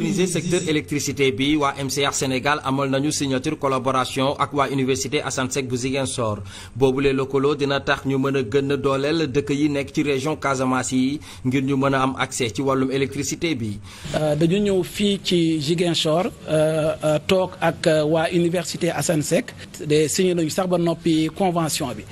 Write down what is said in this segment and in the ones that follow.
entreprise secteur bi waa MCR Sénégal amal nañu signature collaboration ak waa université Assane Seck bu Ziguinchor boobule lëkkaloo dina tax ñu mën a gën dooleel dëkk yi nekk ci région Casamance yi ngir ñu mën a am accès ci wàllum électricité bi. Euh, dañu ñëw fii ci Ziguinchor euh, euh, toog ak waa université Assane Seck de nañu sax ba noppi convention bi.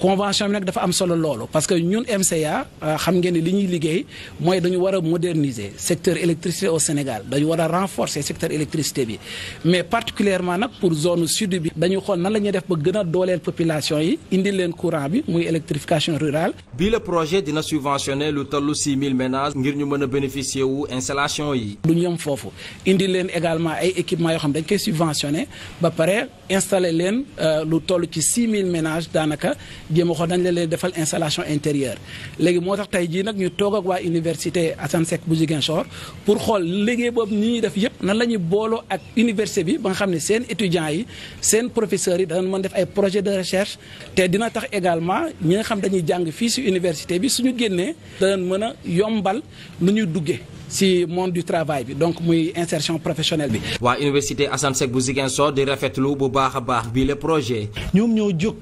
convention bi nag dafa am solo loolu parce que ñun MCA euh, xam ngeen ne li ñuy liggéey mooy dañu war a moderniser secteur électricité au Sénégal dañu war a renforcer secteur électricité bi mais particulièrement nag pour zone sud bi dañu xool nan la ñuy def ba gën a dooleel population yi indi leen courant bi muy électrification rurale bii la projet dina subventionné lu tollu 6000 ménages ngir ñu mën a bénéficier wu installation yi du ñu yem foofu indi leen également ay équipements yoo xam dañ koy subventionné ba pare installé leen euh, lu toll ci 6000 ménages daanaka jéem a xool dañ leen defal installation intérieure léegi moo tax tey jii nag ñu toog ak waa université Assane Seck bu Ziguinchor pour xool liggéey boobu ni ñuy def yëpp nan la ñuy booloo ak université bi ba nga xam ne seen étudiants yi seen professeurs yi dana mën def ay projet de recherche te dina tax également ñi nga xam dañuy jàng fii si université bi suñu génnee danañ mën a yombal nu ñuy duggee si monde du travail bi donc muy insertion professionnelle bi. waa université Assane bu Ziguinchor di rafetlu bu baax a baax bii le projet. ñoom ñoo jóg.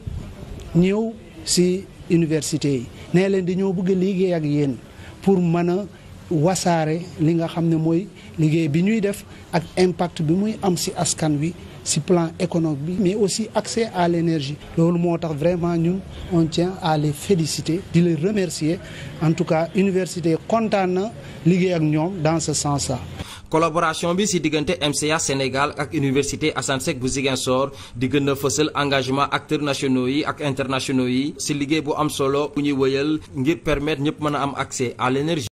ñëw si université yi nee leen di bëgg a liggéey ak yéen pour mën a wasaare li nga xam ne mooy liggéey bi ñuy def ak impact bi muy am si askan wi si plan économique bi mais aussi accès à lénergie loolu moo tax vraiment ñun on tient à les féliciter di la remercier en tout cas université kontaan na liggéey ak ñoom dans ce sens là collaboration bi ci diggante MCA Sénégal ak université Assane Seck bu Ziguinchor di gën a fësal engagement acteurs nationaux yi ak internationaux yi ci liggéey bu am solo bu ñuy wëyal ngir permettre ñëpp mën a am accès à l'énergie